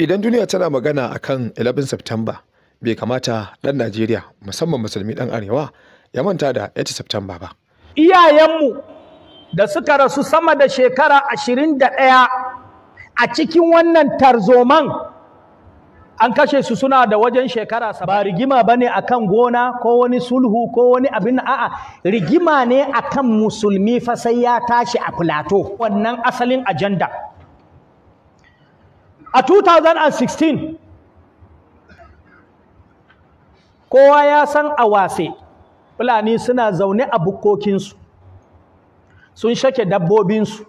idan duniya tana magana a kan 11 September bai kamata ɗan Najeriya musamman musulmi ɗan Arewa ya manta da 8 September ba. Iyayenmu da suka rasu sama da shekara 21 a cikin wannan tarzoman an kashe su suna da wajen shekara ba rigima ba ne a gona ko wani sulhu ko wani abin a'a rigima ne a kan musulmi fa sai ya tashi a plateau. wannan asalin ajanda. a 2016 kowa ya san a wase fulani suna zaune a bukkokinsu sun shake dabbobinsu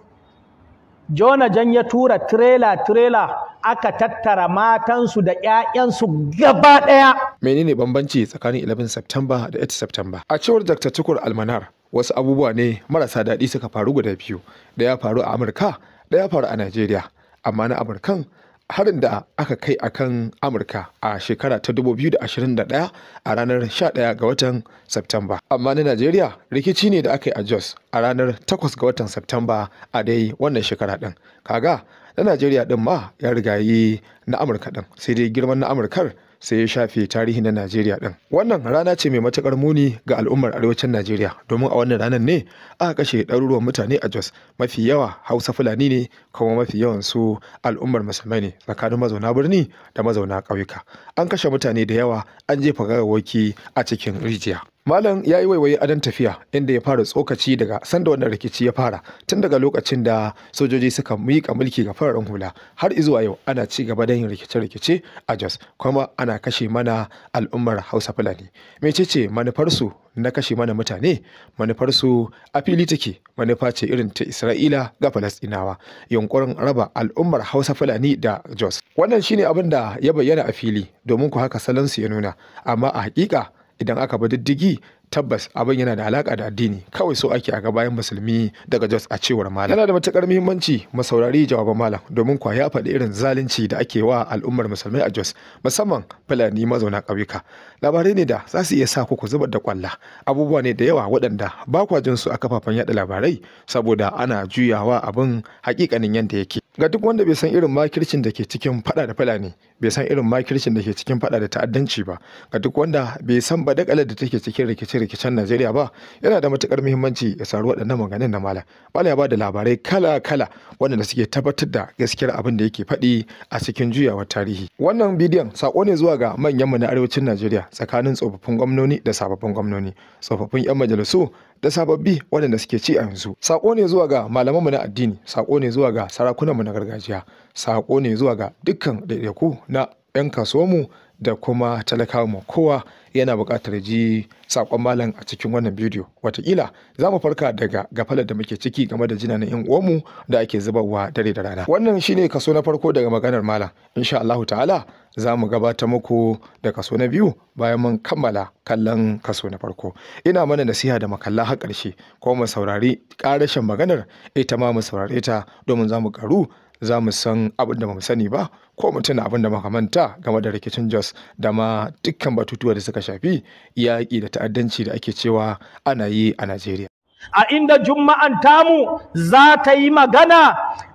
jona jan ya tura tirela-tirela aka tattara matansu da 'ya'yansu gaba ɗaya menene bambanci tsakanin 11 september da 8 september a cewar dr tukur almanar wasu abubuwa ne marasa daɗi suka faru guda biyu da ya faru a amurka da ya faru a najeriya amma na amurkan harin da aka kai a kan amurka a shekara ta 2021 a ranar 11 ga watan Septemba. amma na najeriya rikici ne da aka yi a jos a ranar 8 ga watan Septemba a dai wannan shekara din kaga na najeriya din ma ya riga yi na amurka din sai dai girman na amurkar sai ya shafe tarihi na Najeriya ɗin. Wannan rana ce mai matukar muni ga al'ummar arewacin Najeriya domin a wannan ranar ne aka kashe ɗaruruwan mutane a Jos mafi yawa Hausa Fulani ne kuma mafi yawan su al'ummar musulmai ne tsakanin mazauna birni da mazauna ƙauyuka. An kashe mutane da yawa an jefa gawawwaki a cikin rijiya. Malam ya yi waiwaye adon tafiya inda ya fara tsokaci daga sanda wannan rikici ya fara tun daga lokacin da sojoji suka miƙa mulki ga fararen hula har izuwa yau ana ci gaba da yin rikice-rikice a Jos kuma ana kashe mana al'ummar Hausa Fulani. Mecece manufarsu na kashe mana mutane manufarsu a fili take manufa ce irin ta Isra'ila ga Falastinawa yunkurin raba al'ummar Hausa Fulani da Jos. Wannan shine abin da ya bayyana a fili domin ku haka salansu ya nuna amma a hakika idan aka bi diddigi tabbas abin yana da alaka da addini kawai so ake a ga bayan musulmi daga jos a cewar malam yana da matukar muhimmanci masaurari saurari jawaban malam domin kwa ya faɗi irin zalunci da ake wa al'ummar musulmai a jos musamman fulani mazauna ƙauyuka labarai ne da za su iya sa ku ku zubar da kwalla abubuwa ne da yawa waɗanda ba kwa jin su a kafafen yaɗa labarai saboda ana juyawa abin hakikanin yadda yake ga duk wanda bai san irin makircin da ke cikin fada da fulani bai san irin makircin da ke cikin fada da ta'addanci ba ga duk wanda bai san badakalar da take cikin rikicin rikicen Najeriya ba yana da matukar muhimmanci ya saru waɗannan maganin na malam bala ya ba da labarai kala-kala waɗanda suke tabbatar da gaskiyar abin da yake faɗi a cikin juyawar tarihi wannan bidiyon sako ne zuwa ga manyan mu na arewacin Najeriya tsakanin tsofaffin gwamnoni da sababbin gwamnoni tsofaffin 'yan majalisu da sababbi waɗanda suke ci a yanzu sako ne zuwa ga mu na addini sako ne zuwa ga sarakunan mu na gargajiya sako ne zuwa ga dukkan ɗaiɗaiku na 'yan kasuwanmu da kuma talakawa mu kowa yana buƙatar ji sakon malam a cikin wannan bidiyo watakila za mu farka daga gafalar da muke ciki game da jinanin yan uwanmu da ake wa dare da rana wannan shine kaso na farko daga maganar malam insha Allah ta'ala za mu gabata muku da kaso na biyu bayan mun kammala kallon kaso na farko ina mana nasiha da makalla har karshe ko mu saurari ƙarashin maganar ita ma mu saurare ta domin za mu karu za mu san abin da mu sani ba ko mutum abin da muka manta game da rikicin Jos da ma dukkan batutuwa da suka shafi yaƙi da ta'addanci da ake cewa ana yi a Najeriya. A inda Juma'an tamu za ta yi magana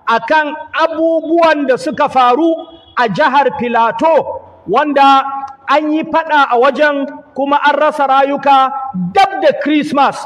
a kan abubuwan da suka faru a jihar Filato wanda an yi faɗa a wajen kuma an rasa rayuka dab da Christmas.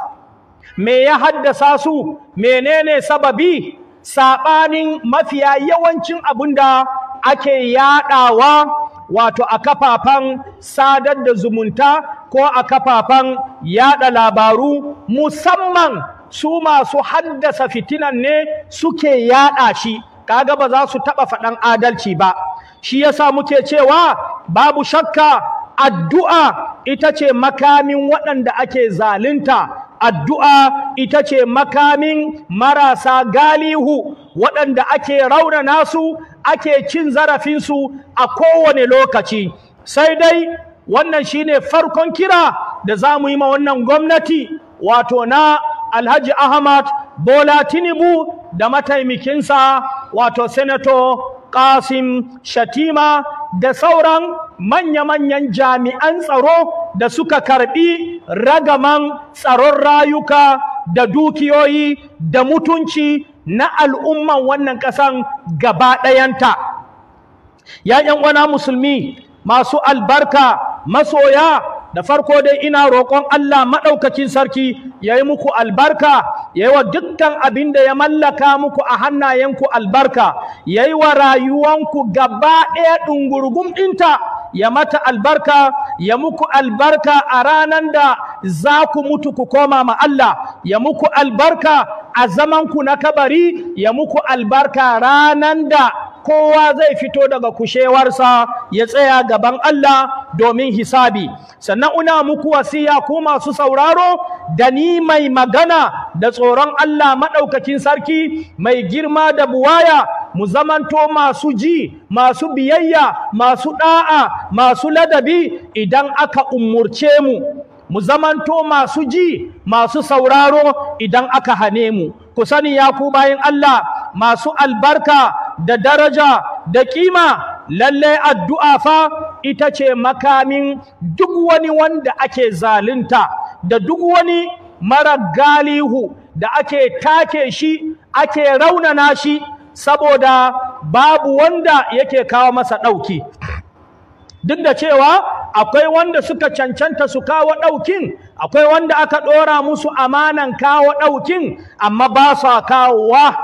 Me ya haddasa su? Menene sababi? saɓanin mafiya yawancin abin da ake yaɗawa wato a kafafen sadar da zumunta ko a kafafen yaɗa labaru musamman su masu haddasa fitinan ne suke yaɗa shi kaga ba za su taɓa faɗan adalci ba shi yasa muke cewa babu shakka addu'a ita ce makamin waɗanda ake zalunta addu'a ita ce makamin marasa galihu waɗanda ake raunana su ake cin zarafinsu a kowane lokaci sai dai wannan shine farkon kira da za mu yi ma wannan gwamnati wato na alhaji ahmad bola tinubu da mataimakinsa wato senator kasim shatima da sauran manya-manyan jami'an tsaro da suka karbi ragaman tsaron rayuka da dukiyoyi da mutunci na al'umman wannan ƙasan gaba ɗayanta ya wana musulmi masu albarka masoya da farko dai ina roƙon Allah maɗaukakin sarki ya yi muku albarka ya yi wa dukkan abin da ya mallaka muku a hannayenku albarka ya yi wa rayuwanku gaba ɗaya ɗungurgun ɗinta ya mata albarka ya muku albarka a ranan da za ku mutu ku koma ma Allah ya muku albarka a ku na kabari ya muku albarka ranan da kowa zai fito daga kushewarsa ya tsaya gaban Allah domin hisabi sannan una muku wasiya ku masu sauraro da ni mai magana da tsoron Allah maɗaukakin sarki mai girma da buwaya mu zamanto masu ji masu biyayya masu ɗa'a, masu ladabi idan aka umurce mu mu zamanto masu ji masu sauraro idan aka hane mu ku sani ya ku bayan Allah masu albarka da daraja da kima lalle addu'a fa ita ce makamin duk wani wanda ake zalunta da duk wani mara galihu da ake take shi ake raunana shi saboda babu wanda yake kawo masa ɗauki duk da cewa akwai wanda suka cancanta su kawo ɗaukin akwai wanda aka ɗora musu amanan kawo ɗaukin amma ba sa kawowa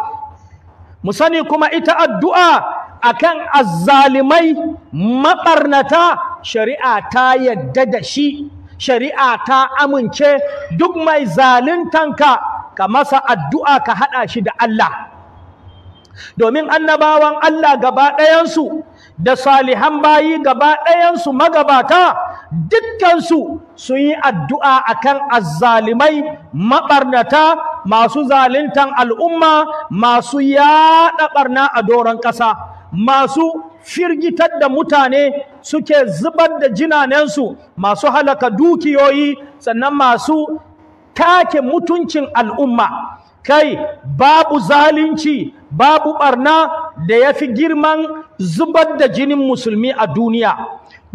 mu sani kuma ita addu'a akan azzalimai maɓarnata shari'a ta yadda da shi shari'a ta amince duk mai zalintanka ka masa addu'a ka haɗa shi da Allah domin annabawan Allah gaba ɗayansu da salihan bayi gaba ɗayansu magabata dukkansu sun yi addu'a akan azzalimai maɓarnata masu zalintan al'umma masu yaɗa ɓarna a doron ƙasa masu firgitar da mutane suke zubar da jinanensu masu halaka dukiyoyi sannan masu take mutuncin al'umma kai babu zalunci babu barna da ya fi girman zubar da jinin musulmi a duniya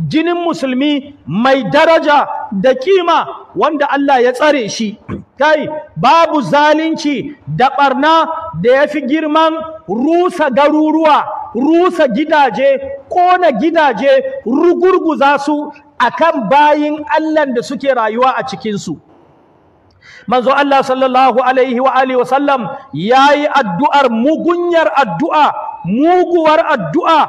jinin musulmi mai daraja da kima wanda Allah ya tsare shi kai babu zalunci da barna da ya fi girman rusa garuruwa rusa gidaje kona gidaje rugurguza su akan bayin Allah da suke rayuwa a cikinsu manzo Allah sallallahu alaihi wa alihi wa sallam yayi addu'ar mugunyar addu'a muguwar addu'a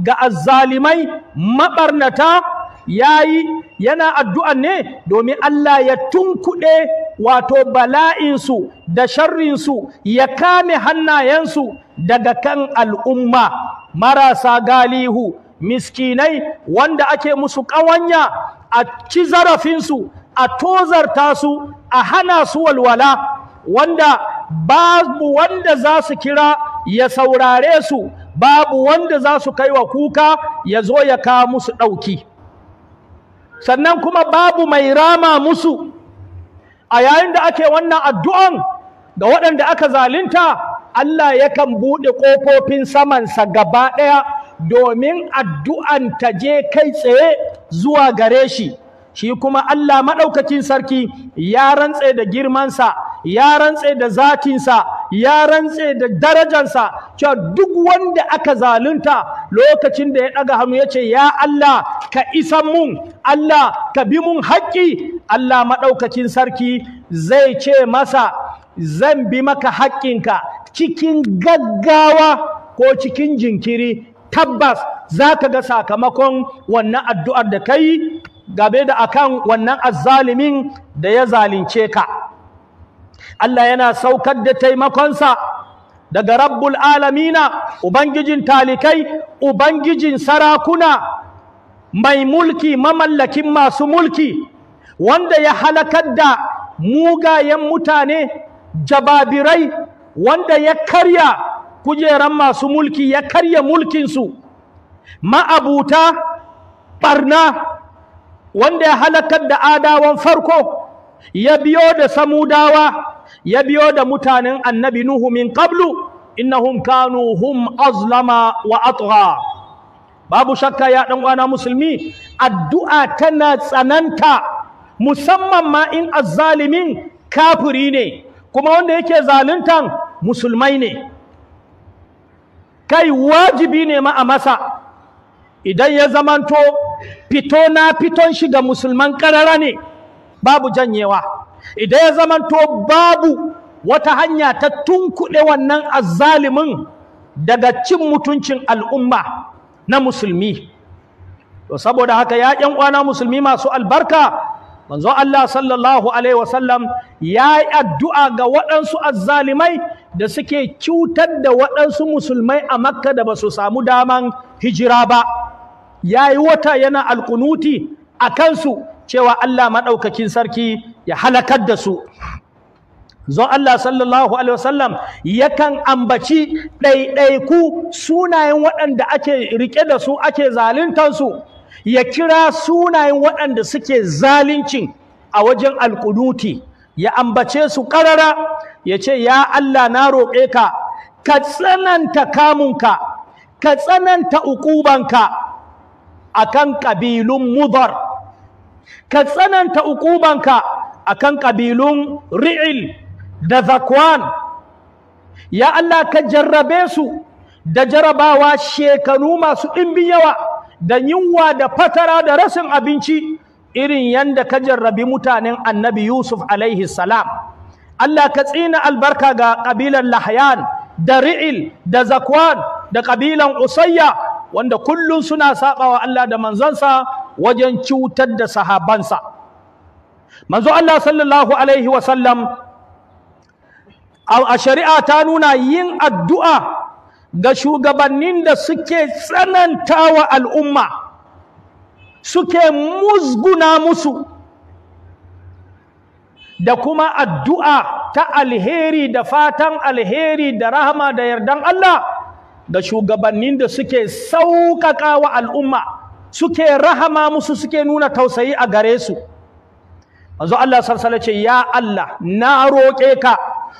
ga azzalimai mabarnata yayi yana addu'a ne domin Allah ya tunkuɗe wato bala'insu da sharrinsu ya kame hannayensu daga kan al'umma marasa galihu miskinai wanda ake musu ƙawanya a ci zarafinsu a tozarta su a hana su walwala wanda babu wanda za su kira ya saurare su babu wanda za su kai wa kuka ya zo ya kawo musu ɗauki sannan kuma babu mai rama musu a yayin da ake wannan addu'an ga waɗanda aka zalinta Allah yakan buɗe ƙofofin sa gaba ɗaya domin addu'an ta je kai tsaye zuwa gare shi shi kuma Allah maɗaukakin sarki ya rantse da girmansa ya rantse da zatinsa ya rantse da darajansa cewa duk wanda aka zalunta lokacin da ya ɗaga hannu ya ce ya Allah ka isan mun Allah ka bi mun haƙƙi Allah maɗaukakin sarki zai ce masa zan bi maka haƙƙinka cikin gaggawa ko cikin jinkiri tabbas za ka ga sakamakon wannan addu'ar da ka yi gabe da akan wannan azzalimin da ya zalunce ka Allah yana saukar da taimakonsa daga rabbul alamina ubangijin talikai ubangijin sarakuna mai mulki mamallakin masu mulki wanda ya halakar da mugayen mutane jababirai wanda ya karya kujeran masu mulki ya karya mulkinsu ma'abuta ɓarna wanda ya halakar da adawan farko ya biyo da samudawa ya biyo da mutanen annabi nuhu min qablu innahum kanu hum azlama wa atgha babu shakka ya dan uwana musulmi addu'a tana tsananta musamman ma in azzalimin kafiri ne kuma wanda yake zaluntan musulmai ne kai wajibi ne ma a masa idan ya zamanto fito na fiton shi ga musulman ƙarara ne babu janyewa idan ya zamanto babu wata hanya ta tunkuɗe wannan azzalimin daga cin mutuncin al'umma na musulmi to saboda haka ya ƴan uwana musulmi masu albarka manzo Allah sallallahu alaihi wasallam ya yi addu'a ga waɗansu azzalimai da suke cutar da waɗansu musulmai a makka da ba su samu daman hijira ba ya yi wata yana alkunuti a kansu cewa Allah maɗaukakin sarki ya halakar da su zon Allah sallallahu alaihi wasallam yakan ambaci ɗaiɗaiku sunayen waɗanda ake riƙe da su ake su. ya kira sunayen waɗanda suke zalincin a wajen alƙunuti ya ambace su ƙarara ya ce ya Allah na roƙe ka ka tsananta kamunka ka tsananta uƙubanka a kan ƙabilun mudar ka tsananta uƙubanka a kan ƙabilun ri'il da zakwan ya Allah ka jarrabe su da jarabawa shekaru masu ɗimbin yawa da yunwa da fatara da rashin abinci irin yanda ka jarrabi mutanen annabi Yusuf alaihi salam Allah ka tsina albarka ga kabilan Lahyan da Ri'il da Zakwan da kabilan Usayya wanda kullun suna sabawa Allah da manzansa wajen cutar da sahabansa manzo Allah sallallahu alaihi wasallam a shari'a ta nuna yin addu'a ga shugabannin da suke tsanantawa al'umma suke musguna musu da kuma addu'a ta alheri da fatan alheri da rahama da yardan Allah da shugabannin da suke sauƙaƙa wa al'umma suke rahama musu suke nuna tausayi a gare su manzo Allah sarsala ce ya Allah na roƙe ka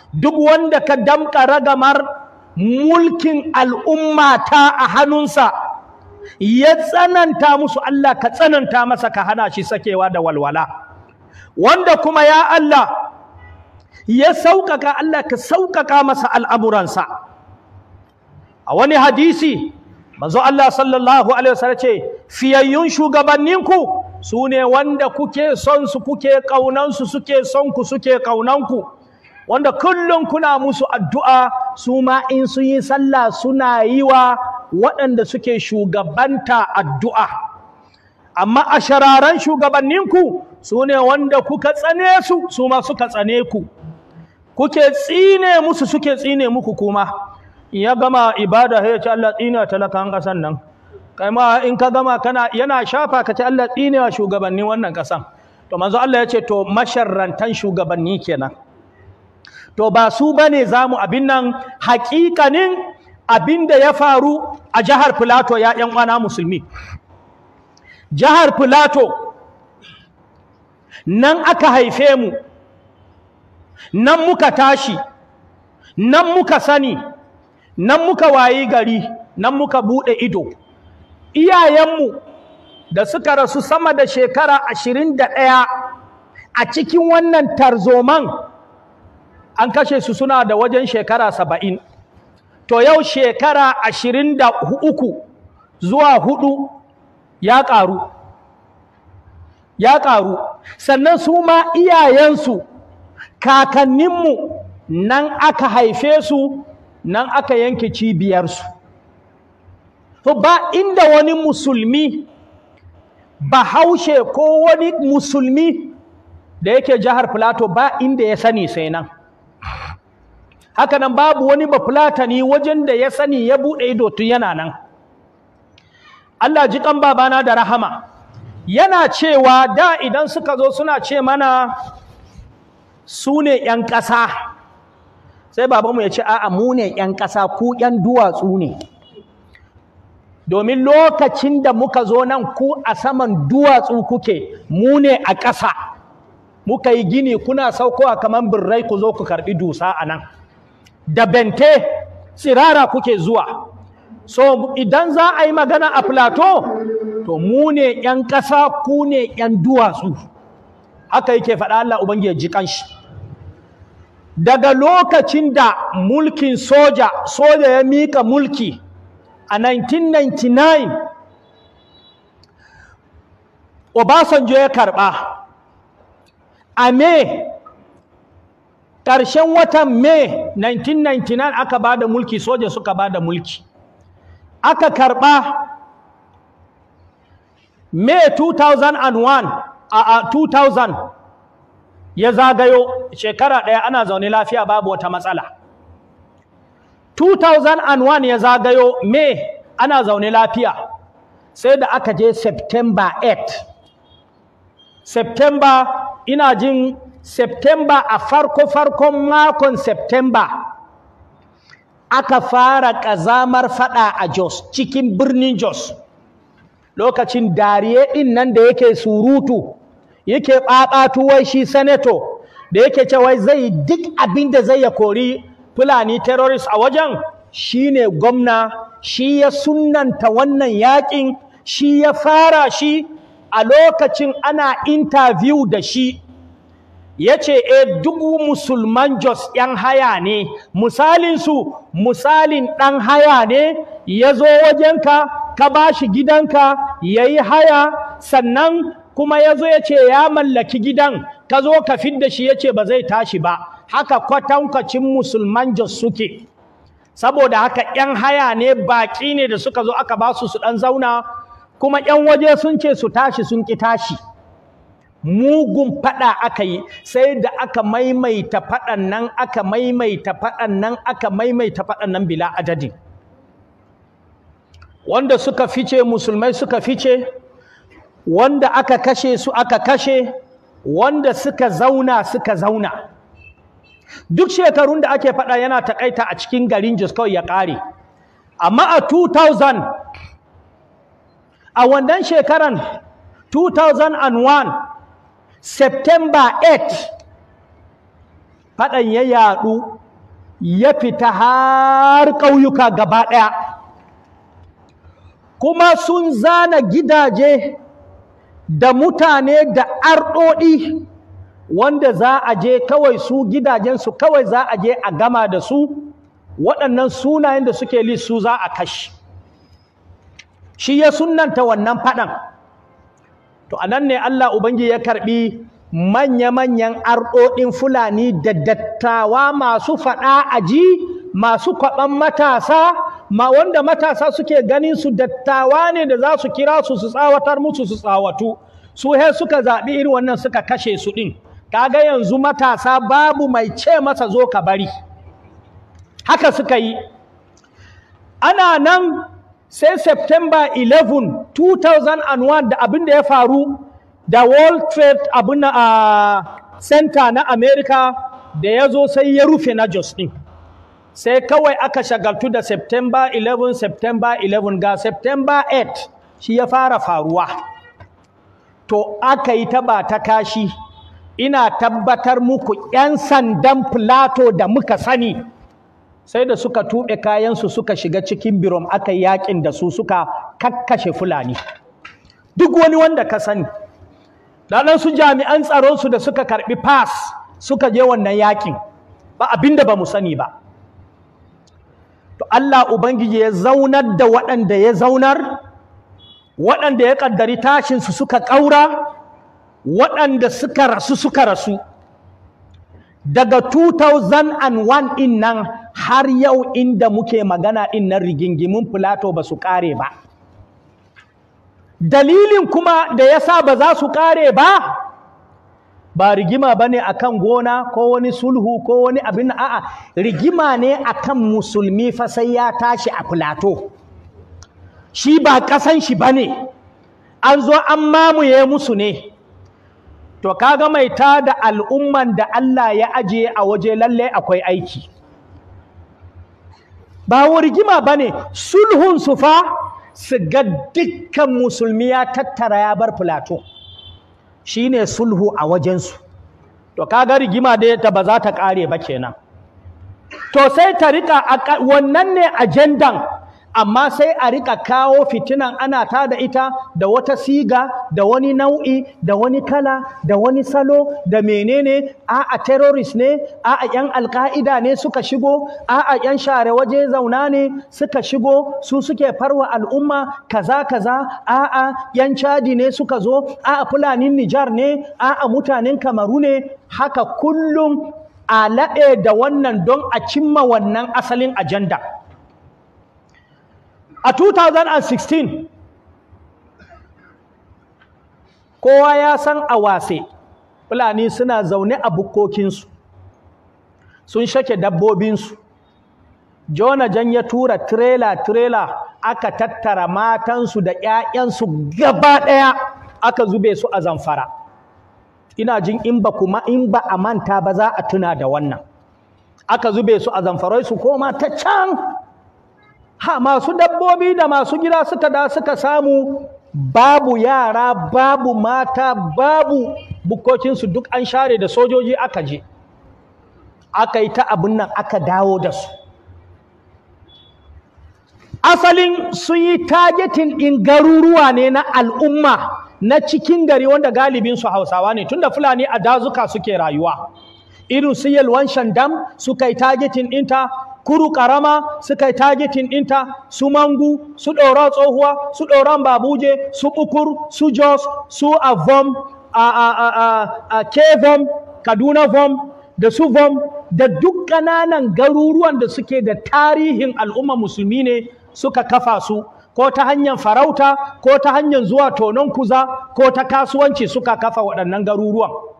duk wanda ka damƙa ragamar mulkin al'umma ta a hannunsa ya tsananta musu Allah ka tsananta masa ka hana shi sakewa da walwala wanda kuma ya Allah ya sauƙaƙa Allah ka sauƙaƙa masa al'amuransa a wani hadisi manzo Allah sallallahu alaihi wasallam ce fiyayyun shugabanninku su ne wanda kuke son su kuke ƙaunansu suke son ku suke ƙaunanku wanda kullum kuna musu addu'a su ma in sun yi sallah suna yi wa waɗanda suke shugabanta addu'a amma a shararen shugabanninku su ne wanda kuka tsane su su ma suka tsane ku kuke tsine musu suke tsine muku kuma ya gama ibada ya ce Allah tsine wa talakan ƙasan nan kai in ka gama kana yana shafa ka ce Allah tsine wa shugabanni wannan ƙasan to manzo Allah ya ce to masharrantan shugabanni kenan to ba su ba bane zamu abin nan haƙiƙanin abin da ya faru a jihar Filato ya yan uwana musulmi jihar Filato nan aka haife mu nan muka tashi nan muka sani nan muka wayi gari nan muka buɗe ido iyayenmu da suka rasu sama da shekara ashirin da ɗaya a cikin wannan tarzoman an kashe su suna da wajen shekara saba'in to yau shekara ashirin da uku zuwa hudu ya ƙaru ya ƙaru sannan su ma iyayensu kakanninmu nan aka haife su nan aka yanke cibiyarsu to ba inda wani musulmi bahaushe ko wani musulmi da yake jihar plateau ba inda ya sani sai nan haka nan babu wani bafulatani wajen da ya sani ya buɗe ido tun yana nan Allah ji kan babana da rahama yana cewa da idan suka zo suna ce mana su ne ‘yan ƙasa sai babanmu ya ce a'a mu ne ‘yan ƙasa ku ‘yan duwatsu ne domin lokacin da muka zo nan ku a saman duwatsu kuke mu ne a ƙasa muka yi gini kuna a kamar birrai ku zo ku karɓi dusa a nan da bente tsirara kuke zuwa so idan za a yi magana a plateau to mu ne 'yan ƙasa ku ne 'yan duwatsu haka yake faɗa Allah Ubangiji ji kanshi daga lokacin da mulkin soja soja ya mika mulki a 1999 Obasanjo ya karɓa a me ƙarshen watan Mei 1999 aka ba da mulki soja suka ba da mulki aka karɓa Mei 2001 a 2000 ya zagayo shekara ɗaya ana zaune lafiya babu wata matsala 2001 ya zagayo Mei ana zaune lafiya sai da aka je september 8 september ina jin Septemba a farko-farkon makon Septemba aka fara ƙazamar faɗa a Jos cikin birnin Jos lokacin dariye ɗin nan da yake surutu yake wai shi sanato da yake cewa zai duk abin da zai ya kori Fulani terrorist a wajen shi ne gwamna shi ya sunanta wannan yaƙin shi ya fara shi a lokacin ana interview da shi ya ce e duk musulman jos ‘yan haya ne misalin su misalin ɗan haya ne ya zo wajenka ka bashi shi gidanka ya yi haya sannan kuma ya zo ya ce ya mallaki gidan ka zo ka fidda shi ya ce ba zai tashi ba haka kwatankwacin musulman jos suke saboda haka ‘yan haya ne baƙi ne da suka zo aka basu su su ɗan zauna kuma ‘yan waje sun ce su tashi sun ki tashi mugun faɗa aka yi sai da aka maimaita faɗan nan aka maimaita faɗan nan aka maimaita faɗan nan bila adadi wanda suka fice musulmai suka fice wanda aka kashe su aka kashe wanda suka zauna suka zauna duk shekarun da ake faɗa yana taƙaita a cikin garin Jos ya ƙare amma a 2000 a wannan shekaran 2001 September 8 faɗan ya yaɗu ya fita har ƙauyuka gaba ɗaya kuma sun zana gidaje da mutane da arɗoɗi wanda za a je kawai su gidajensu kawai za a je a gama da su waɗannan sunayen da suke lissu za a kashe. shi ya sunanta wannan faɗan to anan ne Allah ubangiji ya karɓi manya-manyan arɗoɗin fulani da dattawa masu faɗa aji masu kwaɓan matasa ma wanda matasa suke ganin su dattawa ne da za su kira su su tsawatar musu su tsawatu su he suka zaɓi irin wannan suka kashe su ɗin kaga yanzu matasa babu mai ce masa zo ka bari haka suka yi ana nan sai september 11 2001 da abin da ya faru da world trade abin a center na america da ya zo sai ya rufe na jos din sai kawai aka shagaltu da september 11 september 11 ga september 8 shi ya fara faruwa to aka yi taba ta kashi ina tabbatar muku 'yan sandan plato da muka sani sai da suka tuɓe kayansu suka shiga cikin birom aka yakin da su suka kakkashe fulani duk wani wanda ka sani ɗanan su jami'an su da suka karɓi pass suka je wannan yakin ba abinda ba mu sani ba to Allah Ubangiji ya zaunar da waɗanda ya zaunar waɗanda ya ƙaddari tashinsu suka ƙaura waɗanda suka rasu suka rasu daga 2001 in nan har yau inda muke magana in nan rigingimin Filato ba su kare ba. Dalilin kuma da yasa ba za su kare ba, ba rigima ba ne a kan gona ko wani sulhu ko wani abin a'a rigima ne a kan musulmi fa sai ya tashi a Filato. Shi ba ƙasan shi ba ne, an zo an mamuye musu ne. To kaga mai ta da al'umman da Allah ya ajiye a waje lalle akwai aiki. ba rigima ba ne sulhun su fa su ga dukkan musulmi ya tattara ya bar filato shi ne sulhu a wajensu to kaga rigima da ta ba za ta kare ba kenan to sai ta riƙa wannan ne ajandan amma sai a rika kawo fitinan ana ta da ita da wata siga da wani nau'i da wani kala da wani salo da menene a'a a terrorist ne a yan alka'ida ne suka shigo a'a yan share waje zauna ne suka shigo su suke farwa al'umma kaza kaza a'a yan chadi ne suka zo a'a fulanin nijar ne a'a mutanen kamaru ne haka kullum a laɗe da wannan don a cimma wannan asalin ajanda a 2016 kowa ya san a wase fulani suna zaune a bukkokinsu sun shake dabbobinsu jona jan ya tura tirela-tirela aka tattara matansu da 'ya'yansu gaba ɗaya aka zube su a zamfara ina jin in ba kuma in ba a manta ba za a tuna da wannan aka zube su a zamfarai su koma ta can ha masu dabbobi da masu gida suka da suka samu babu yara babu mata babu bukkokinsu duk an share da sojoji aka je aka yi ta abin nan aka dawo da su asalin su yi targetin ɗin garuruwa ne na al'umma na cikin gari wanda galibinsu hausawa ne tunda fulani a dazuka suke rayuwa irin su yalwan shandam suka yi targetin ɗinta kuru karama suka yi targeting ɗinta su mangu su ɗoran tsohuwa su ɗoran babuje su Ukur, su jos su avom a a a a, a kevom kaduna vom da su vom da duk ƙananan garuruwan da suke da tarihin al'umma musulmi ne suka kafa su ko ta hanyar farauta ko ta hanyar zuwa tonon kuza ko ta kasuwanci suka kafa waɗannan garuruwan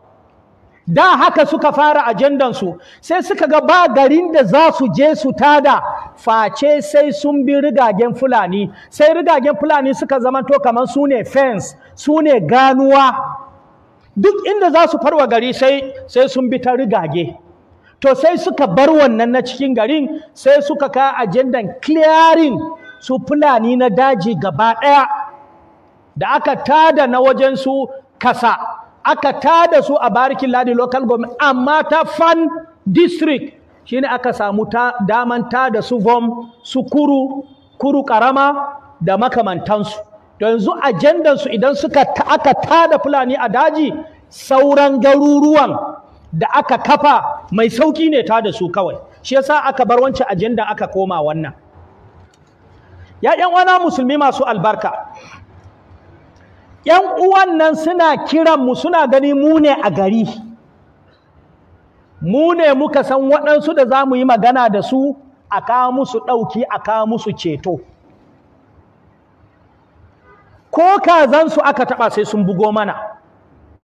da haka suka fara ajandansu sai suka ga ba garin da za su je su tada face sai sun bi rigagen fulani sai rigagen fulani suka zama to kamar su ne fence su ne ganuwa duk inda za su farwa gari sai sai sun bi ta rigage to sai suka bar wannan na cikin garin sai suka kai ajandan clearing su fulani na daji gaba ɗaya da aka tada na wajen su kasa aka tada su a barikin ladi local government amma ta fan district shine aka samu ta daman tada su vom su kuru kuru karama da makamantansu to yanzu ajandansu su idan suka ta, aka tada fulani a daji sauran garuruwan da aka kafa mai sauki ne tada su kawai shi yasa aka bar wancan ajanda aka koma wannan ya ƴan wana musulmi masu albarka ‘yan uwan nan suna kiranmu suna gani mune a gari mu ne muka san waɗansu da za mu yi magana da su a kawo musu ɗauki a kawo musu ceto ko kazansu aka taɓa sai sun bugo mana